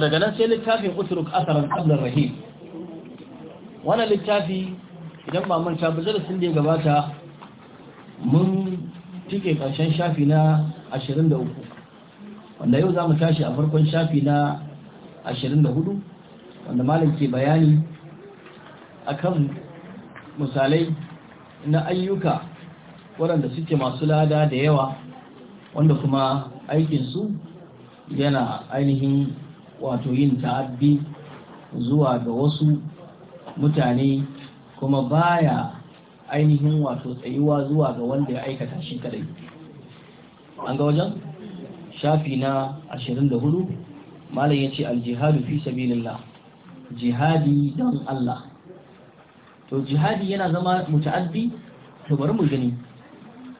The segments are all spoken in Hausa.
daga nan sai littafin uturuk asaran ƙablar rahim wannan littafi idan ba manta ba da ya gabata mun cike ƙarshen shafi na 23 wanda yau za mu tashi a farkon shafi na 24 wanda malam ke bayani akan misalai na ayyuka waɗanda suke masu lada da yawa wanda kuma aikinsu yana ainihin wato yin ta'addi zuwa ga wasu mutane kuma baya ainihin wato tsayuwa zuwa ga wanda ya aikata shi kadai an ga wajen shafi na 24 malam yace aljihadu fi sabilillah jihadi don Allah to jihadi yana zama muta'addi to bari mu gani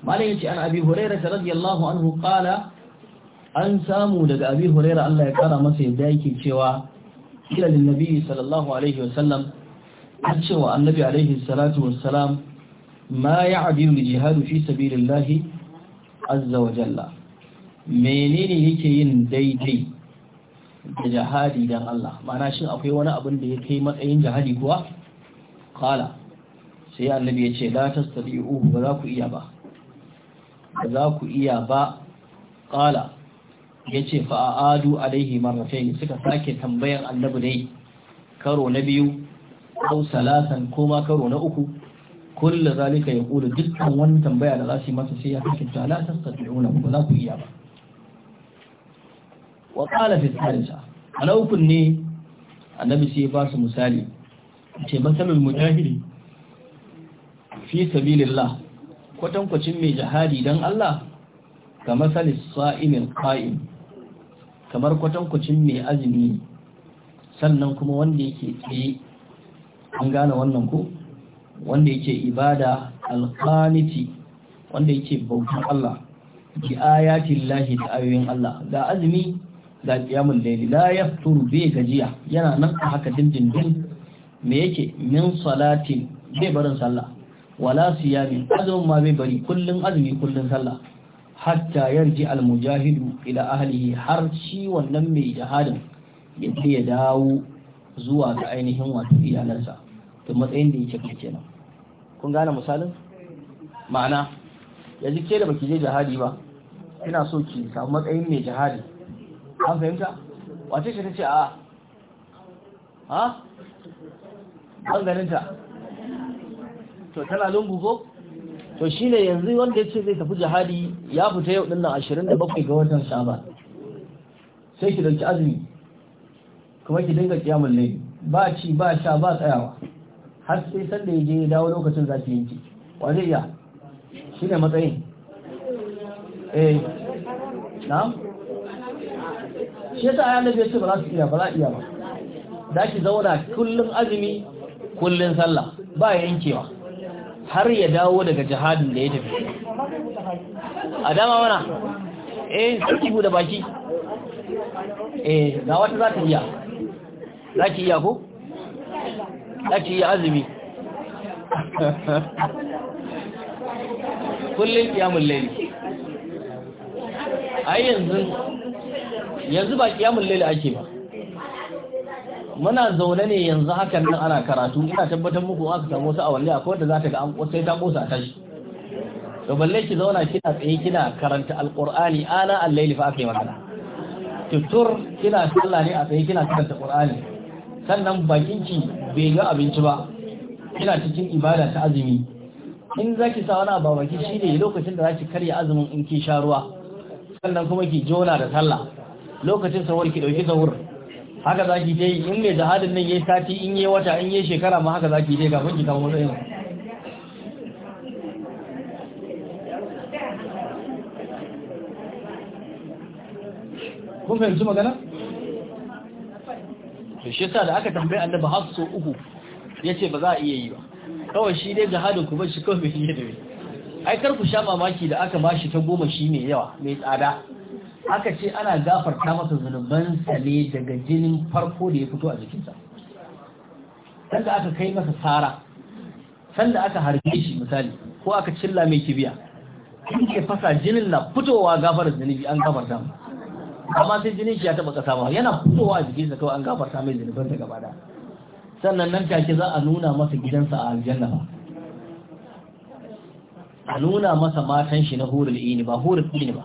malam yace an abi hurairah radiyallahu anhu qala an samu daga abi huraira Allah ya kara masa yadda yake cewa kila lin nabi sallallahu alaihi wasallam cewa annabi alaihi salatu wassalam ma ya'dilu li fi sabilillahi azza wa jalla menene yake yin daidai da jihadi dan Allah ma'ana shin akwai wani abin da ya kai matsayin jihadi kuwa qala sai annabi ya ce la tastati'u ba za ku iya ba ba za ku iya ba qala ya ce fa'adu alaihi marrafai suka sake tambayar annabi ne karo na biyu ko salatan koma karo na uku kulla zalika ya kula dukkan wani tambaya da za su yi masa sai ya kake ta la tastati'una ba za ku iya ba wa qala fi thalisa a ukun ne annabi sai ya ba su misali ce masalul mujahidi fi sabilillah kwatankwacin mai jihadi don Allah ga masalis sa'imin qa'im kamar kwatankwacin mai azumi sannan kuma wanda yake tsaye an gane wannan ko wanda yake ibada alqaniti wanda yake bautan Allah bi ayatin lahi da ayoyin Allah Da azumi ga qiyamul layli la yaftur bi gajiya yana nan a haka dindindin me yake min salatin bai barin sallah wala siyami azumin ma bai bari kullun azumi kullun sallah hatta yarji almujahidu ila ahlihi har shi wannan mai jihadin ya ya dawo zuwa ga ainihin wato iyalansa to matsayin da yake kai kenan kun gane misalin ma'ana yanzu ke da baki je jihadi ba Kina so ki samu matsayin mai jihadi an fahimta wace ce tace a ha an ganin ta to tana lungu ko to shi ne yanzu wanda ya ce zai tafi jihadi ya fita yau ashirin nan bakwai ga watan shaba sai ki dauki azumi kuma ki dinga kiyamun laifi ba ci ba sha ba tsayawa har sai sanda ya je ya dawo lokacin za ki yanki wa zai iya ne matsayin eh na? shi yasa ayan da ce ba za su iya ba za iya ba da ki zauna kullum azumi kullum sallah ba yankewa har ya dawo daga jihadin da ya tafi a dama mana eh sarki bude baki eh ga wata za ta iya za ki iya ko? za ki iya azumi kullum kiyamun laili a yanzu yanzu ba kiyamun laili ake ba muna zaune ne yanzu hakan nan ana karatu ina tabbatar muku aka samu wasu awanni akwai wanda za ta ga an sai ta kosa ta shi to balle ki zauna kina tsaye kina karanta alqur'ani ana al-layli fa akai magana tutur kina sallah ne a tsaye kina karanta qur'ani sannan bakin ki bai ga abinci ba kina cikin ibada ta azumi in zaki sa wani abu baki ne lokacin da zaki karya azumin in ki sha ruwa sannan kuma ki jona da sallah lokacin sahur ki dauki sahur haka za ki dai in mai jihadin nan ya yi sati in yi wata in yi shekara ma haka za ki dai kafin ki kawo matsayin kun fahimci magana? da shi sa da aka tambaye annaba har so uku ce ba za a iya yi ba kawai shi dai jihadin ku bar shi kawai mai yi da ai kar ku sha mamaki da aka bashi ta goma shi mai yawa mai tsada aka ce ana gafarta masa zunubansa ne daga jinin farko da ya fito a jikinsa sanda aka kai masa tsara sanda aka harbe shi misali ko aka cilla mai kibiya in ke fasa jinin na fitowa gafarar zunubi an gafarta mu amma sai jinin shi ya taba kasa ba yana fitowa a jikinsa kawai an gafarta mai zunuban daga bada sannan nan take za a nuna masa gidansa a aljanna ba a nuna masa matan shi na hurul ini ba hurul ini ba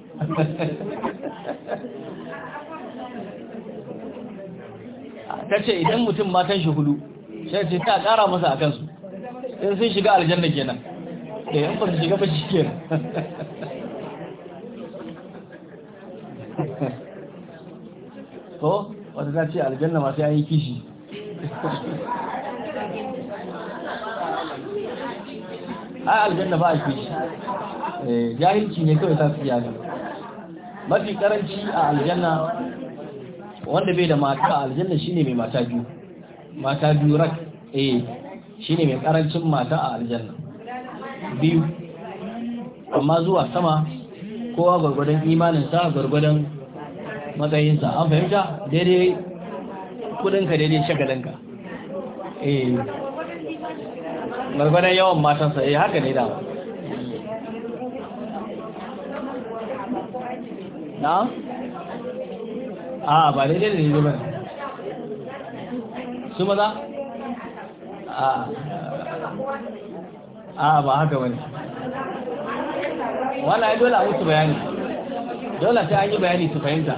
ta ce idan mutum matan shi hudu sai ce ta kara masa a kansu in sun shiga aljanna kenan da yan ba su shiga ba shi kenan to wata ta ce aljanna masu yayin kishi a aljanna ba a kishi eh, jahilci ne kawai ta su yaga mafi karanci a aljanna wanda bai da mata a aljanna shine mai mata biyu mata biyu rak eh shine mai karancin mata a aljanna biyu amma zuwa sama kowa gwargwadon imaninsa gwargwadon matsayinsa an fahimta daidai kudinka daidai shagalinka eh gwargwadon yawan matansa eh haka ne dama na? a ba daidai da daidai ba su maza? a ba haka wani wala ya dole a musu bayani dole sai an yi bayani su fahimta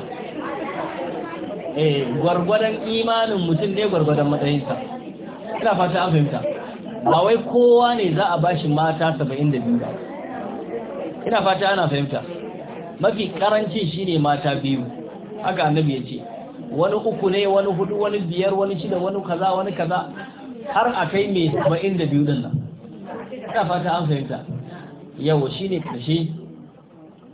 eh gwargwadon imanin mutum ne gwargwadon matsayinsa ina fata an fahimta ba wai kowa ne za a bashi mata 72 ba ina fata ana fahimta mafi karanci shine mata biyu haka annabi ya ce wani uku ne wani hudu wani biyar wani shida wani kaza wani kaza har a kai mai saba'in da biyu dinnan. ta fata an fahimta shi shine karshe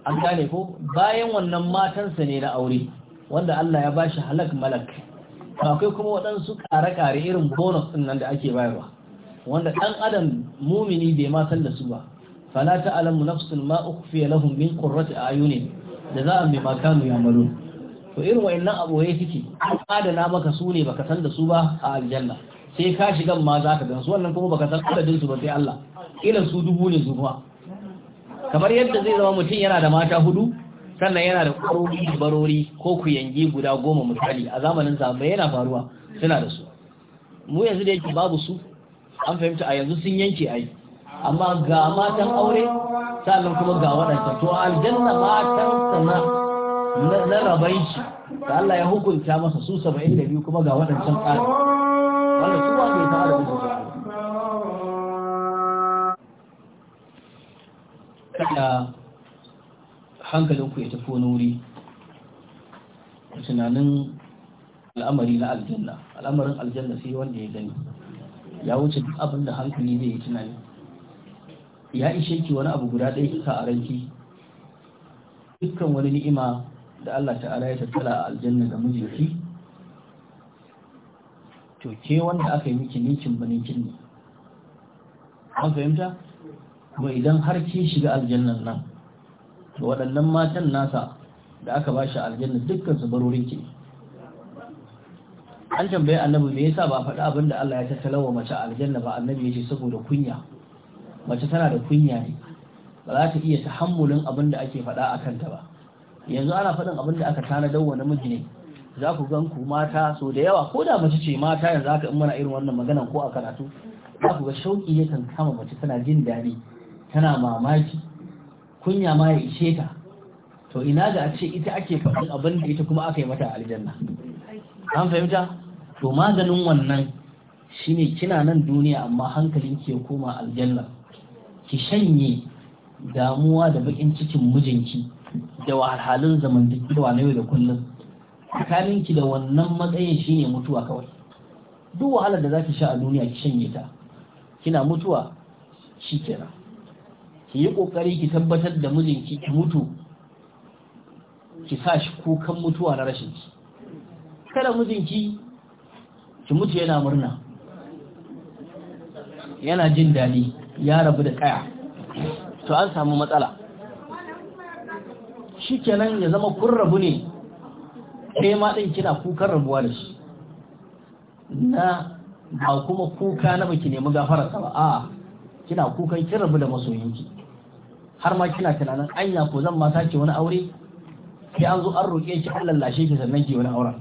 an gane ko bayan wannan matansa ne na aure wanda Allah ya bashi halak malak akwai kuma waɗansu ƙare-ƙare irin bonus ɗin nan da ake bayarwa wanda ɗan adam mumini bai ma san da su ba fala ta'lamu nafsun ma ukhfiya lahum min qurrati za'a bi ma kanu ya'malun to irin wayannan aboye suke an adana maka su ne baka san da su ba a aljanna sai ka shiga ma za ka gansu wannan kuma baka san adadin su ba sai Allah kila su dubu ne su kuma kamar yadda zai zama mutum yana da mata hudu sannan yana da kwarori barori ko kuyangi guda goma misali a zamanin sa yana faruwa suna da su mu yanzu da yake babu su an fahimta a yanzu sun yanke ai amma ga matan aure sannan kuma ga waɗanda to aljanna matan sana na rabai shi da Allah ya hukunta masa su 72 kuma ga waɗancan ƙari wanda su ba bai fara da kada hankalinku ya tafi wani wuri tunanin al'amari na aljanna al'amarin aljanna sai wanda ya gani ya wuce duk abin da hankali zai yi tunani ya ishe ki wani abu guda ɗaya kika a ranki dukkan wani ni'ima da Allah ta'ala ya tattala a aljanna ga mijinki to ke wanda aka yi miki ninkin baninkin ne an fahimta kuma idan har ke shiga aljannan nan to waɗannan matan nasa da aka ba shi aljanna dukkan su barorin ki an tambaye annabi me yasa ba faɗa abin da Allah ya tattala wa mace aljanna ba annabi ya ce saboda kunya mace tana da kunya ne ba za ta iya tahammulin abin da ake faɗa a kanta ba yanzu ana faɗin abin da aka tanadar wa namiji ne za ku gan ku mata so da yawa ko da mace ce mata yanzu ka in mana irin wannan maganan ko a karatu za ku ga shauƙi yakan kama mace tana jin daɗi tana mamaki kunya ma ya ishe ta to ina ga a ce ita ake faɗin abin da ita kuma aka yi mata aljanna an fahimta to maganin wannan shine kina nan duniya amma hankalin ke koma aljanna ki shanye damuwa da bakin cikin mijinki da wahalhalun zamantakewa na yau da kullum tsakaninki da wannan matsayin shine mutuwa kawai duk wahalar da za ki sha a duniya ki shanye ta kina mutuwa shi kenan ki yi kokari ki tabbatar da mijinki ki mutu ki sa shi kukan mutuwa na rashin ki kada mijinki ki mutu yana murna yana jin daɗi ya rabu da kaya to an samu matsala shi kenan ya zama kun rabu ne ɗaya ma ɗin kina kukan rabuwa da shi na ba kuma kuka na baki nemi ta ba a kina kukan kin rabu da masoyinki har ma kina tunanin anya ko zan ma sake wani aure sai an zo an roƙe ki an lallashe ki sannan ke wani auren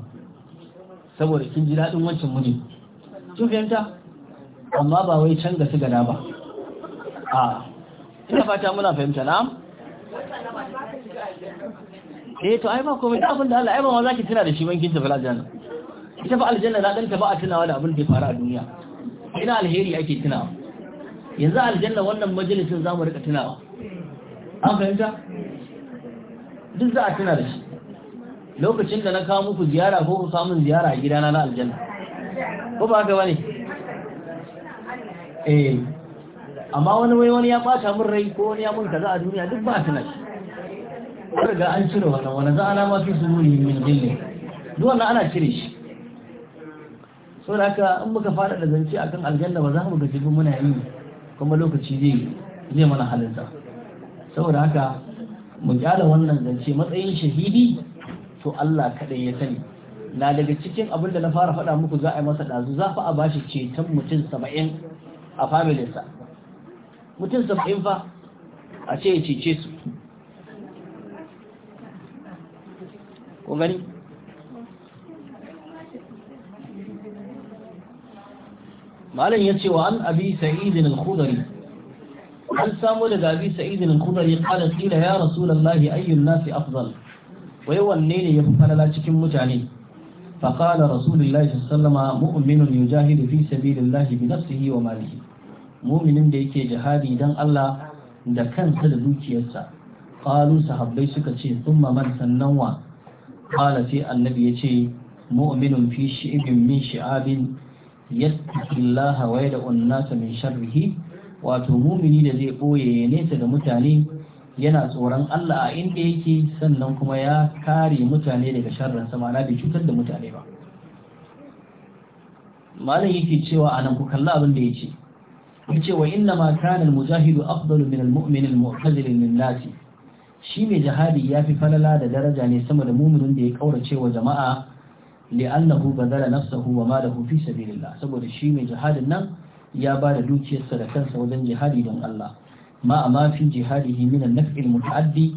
saboda kin ji daɗin wancan miji kin fahimta amma ba wai canza su gada ba a ah. ina fata muna fahimta na eh to ai ba komai da abin da Allah ai ba ma zaki tuna da shi bankin ta aljanna ita fa aljanna na danta ba a tunawa da abin da ya faru a duniya ina alheri ake tuna. yanzu aljanna wannan majalisin zamu rika tunawa an fahimta duk za a tuna da shi lokacin da na kawo muku ziyara ko ku samun ziyara a gidana na aljanna ko ba haka bane eh amma wani wai wani ya ɓata min rai ko wani ya mun kaza a duniya duk ba a tuna shi ga an cire wannan wani za ana mafi su nuni min jille duk wannan ana cire shi so da haka in muka fara da zance akan aljanna ba za mu gaji ba muna yi kuma lokaci zai zai mana halinta saboda haka mu gyara wannan zance matsayin shahidi to Allah kadai ya sani na daga cikin abin da na fara faɗa muku za a yi masa ɗazu za fa a bashi ceton mutum saba'in a familinsa mutum saba'in fa a ce ya cece su ko gani malam ya ce wa an abi sa'idin al-khudari an samu daga abi sa'idin al-khudari qala qila ya rasulullahi ayyun nasi afdal wai wanne ne yafi falala cikin mutane فقال رسول الله صلى الله عليه وسلم مؤمن يجاهد في سبيل الله بنفسه وماله muminin da yake jihadi dan Allah da kansa da dukiyarsa qalu sahabbai suka ce thumma man sannan wa qala ce, annabi yace mu'minun fi shi'bin min shi'abin yattaqillaha wa yad'u an-nasa min sharrihi wato mumini da zai boye nesa da mutane yana tsoron Allah a inda yake sannan kuma ya kare mutane daga sharrin sama na bai cutar da mutane ba malam yake cewa anan ku kalla abin da yake ce wa inna ma kana al-mujahidu afdalu min al-mu'min al-mu'tazil nas shi mai jihadi yafi falala da daraja ne sama da mu'minin da ya kaurace wa jama'a li'annahu badala nafsahu wa malahu fi sabilillah saboda shi mai jihadin nan ya ba da dukiyarsa da kansa wajen jihadi don Allah ma amma fi jihadihi min an-naf'i al-muta'addi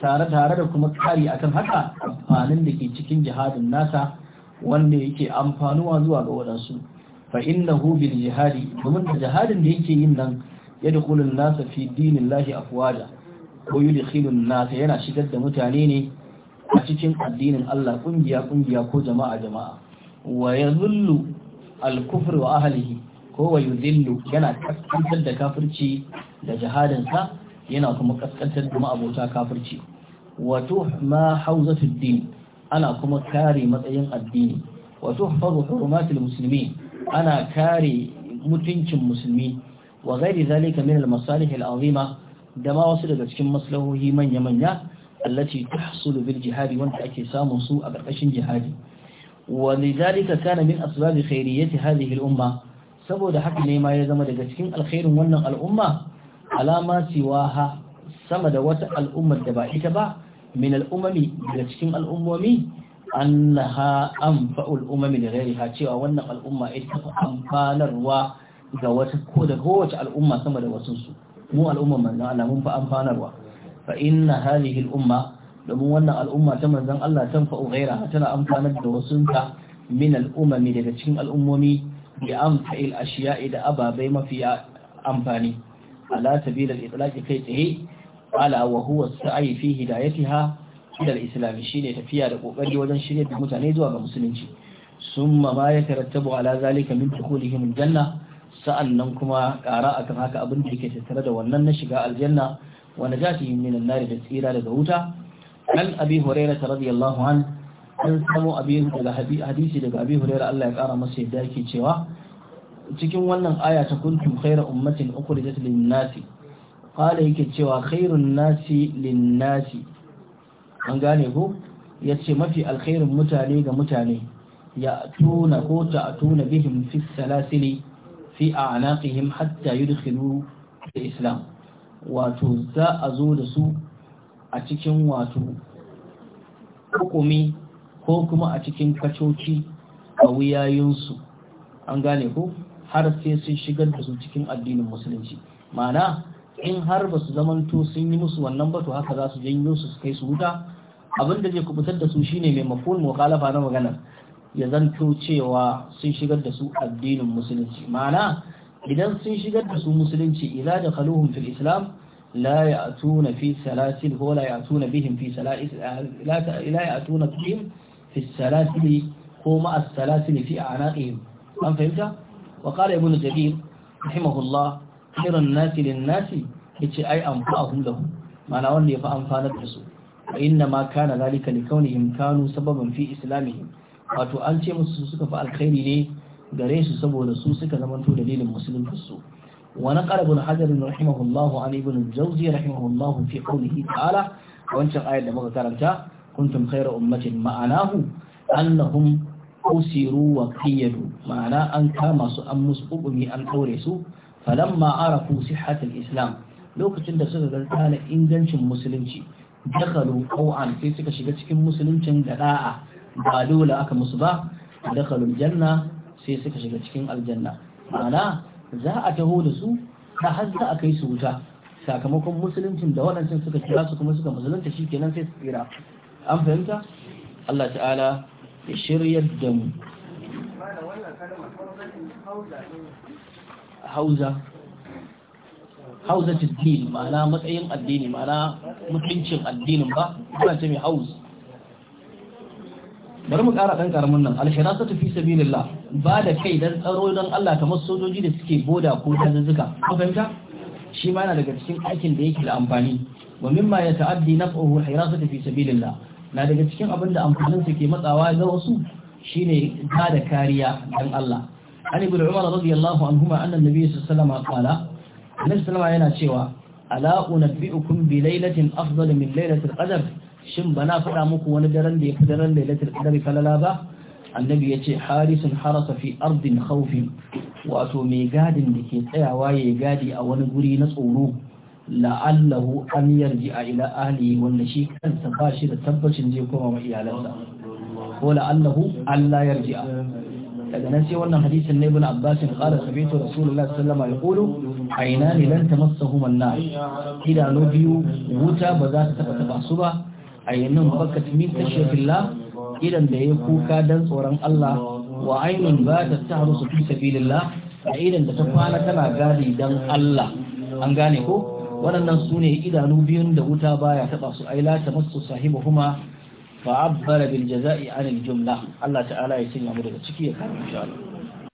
tare tare da kuma kari akan haka amfanin da ke cikin jihadin nasa wanda yake amfanuwa zuwa ga wadansu. fa innahu bil jihadi domin da jihadin da yake yin nan ya dukulun nasa fi dinin lahi kuwada ko yi dukulun nasa yana shigar da mutane ne a cikin addinin Allah kungiya kungiya ko jama'a jama'a wa ya zullu al-kufr wa ahlihi ko wa yana kaskantar da kafirci da jihadinsa yana kuma kaskantar da ma'abota kafirci wa tuhma hawzatud din ana kuma kare matsayin addini wato tuhfazu hurumatul Musulmi. ana kare mutuncin musulmi wa gairi zalika min al-masalih al-azima da ma wasu daga cikin maslahohi manya-manya allati tahsulu bil jihadi wanda ake samun su a ƙarƙashin jihadi wa lidhalika kana min asbab khairiyyati hadhihi al-umma saboda haka ne ma ya zama daga cikin alkhairin wannan al'umma alama siwaha sama da wata al'ummar da ba ita ba min al'umami daga cikin al'ummomi annaha anfa'ul umami da ghairiha cewa wannan al'umma ita ta amfanarwa ga wata ko da kowace al'umma sama da wasu su mu al'umman manzon Allah mun fa amfanarwa fa inna hadhihi al'umma domin wannan al'umma ta manzon Allah ta fa'u ghairaha tana amfanar da wasu ta min al'umami daga cikin al'ummomi bi amfa'il ashiya'i da ababai mafi amfani ala tabil al-itlaqi kai tsaye ala wa huwa as-sa'i fi hidayatiha ilal islami shine tafiya da kokari wajen shirya da mutane zuwa ga musulunci summa ma ya tarattabu ala zalika min dukhulihim janna sa'annan kuma ƙara akan haka abin da yake tattare da wannan na shiga aljanna wa najatihim minan nar da tsira daga wuta an abi hurairah radiyallahu an an samu abi daga hadisi daga abi hurairah Allah ya kara masa yadda yake cewa cikin wannan aya ta kuntum khayra ummatin ukhrijat lin-nasi qala yake cewa khairun nasi lin-nasi an gane ko ya ce mafi alkhairin mutane ga mutane ya tuna ko ta tuna bihim fi salasili fi anaƙihim hatta yudkhilu da islam wato za a zo da su a cikin wato hukumi ko kuma a cikin kacoci a wuyayinsu an gane ko har sai sun shigar da su cikin addinin musulunci ma'ana in har ba su zamanto sun yi musu wannan ba to haka za su janyo su kai su wuta abin da zai kubutar da su shine mai maful mukhalafa na maganar ya zanto cewa sun shigar da su addinin musulunci ma'ana idan sun shigar da su musulunci idza dakhaluhum fil islam la ya'tuna fi salasil ko la ya'tuna bihim fi salais la ya'tuna bihim fi ko ma as-salasil fi a'naqihim an fahimta wa qala ibn jabir rahimahullah khairan nasi lin nasi yace ai anfa'uhum lahu mana wanda ya fi amfanar da su wa inna ma kana zalika li kanu sababan fi islamihim wato an ce musu suka fi alkhairi ne gare su saboda su suka zamanto dalilin musulunci su wa naqala ibn hajar rahimahullahu an ibn al-jawzi rahimahullahu fi qawlihi ta'ala wancan ayar da muka karanta kuntum khayra ummatin ma'anahu annahum usiru wa qiyadu ma'ana an kama su an musubumi an daure su falamma arafu sihhatul islam lokacin da suka ga tana ingancin musulunci dakhalu qaw'an sai suka shiga cikin musuluncin da da'a ba dole aka musu ba dakhalu janna sai suka shiga cikin aljanna ma'ana za a taho da su ta har a kai su wuta sakamakon musuluncin da waɗancan suka kira su kuma suka musulunta shi kenan sai su tsira an fahimta Allah ta'ala ya shiryar da mu hauza hauza tiddin ma'ana matsayin addini ma'ana mutuncin addinin ba kuma ce mai hauz bari mu ƙara ɗan ƙaramin nan alshira ta tafi sabilillah ba da kai don tsaro don Allah kamar sojoji da suke boda ko dazuzzuka ko fahimta shi ma yana daga cikin aikin da yake da amfani wa mimma ya ta'addi naf'uhu hirasatu fi sabilillah na daga cikin abin da amfanin sa ke matsawa ga wasu shine ba da kariya don Allah عن ابن umar رضي الله عنهما أن النبي صلى الله عليه وسلم قال النبي صلى الله عليه وسلم ألا أنبئكم بليلة أفضل من shin bana faɗa muku wani daren da yafi daren lailatul qadari falala ba annabi ya ce harisun harasa fi ardin khawfi wato mai gadin da ke tsayawa ya gadi a wani guri na tsoro la'allahu an yarji a ila ahli wanda shi kansa ba shi da tabbacin je koma ma iyalansa ko la'allahu la yarji daga nan sai wannan hadisin na ibn Abbas qala sabitu rasulullahi sallallahu alaihi wasallam yaqulu aynani lan tamassahuma an-nar idanu biyu wuta ba za ta taba taba su ba aynun bakat min tashfillah idan da ya kuka dan tsoron Allah wa aynun ba ta tahrusu fi sabilillah a idan da ta fara tana gadi dan Allah an gane ko waɗannan su ne idanu biyun da wuta baya taɓa su aila ta masu sahibu kuma fa abbara bil jaza'i anil jumla Allah ta'ala ya sanya mu daga ciki ya kare insha Allah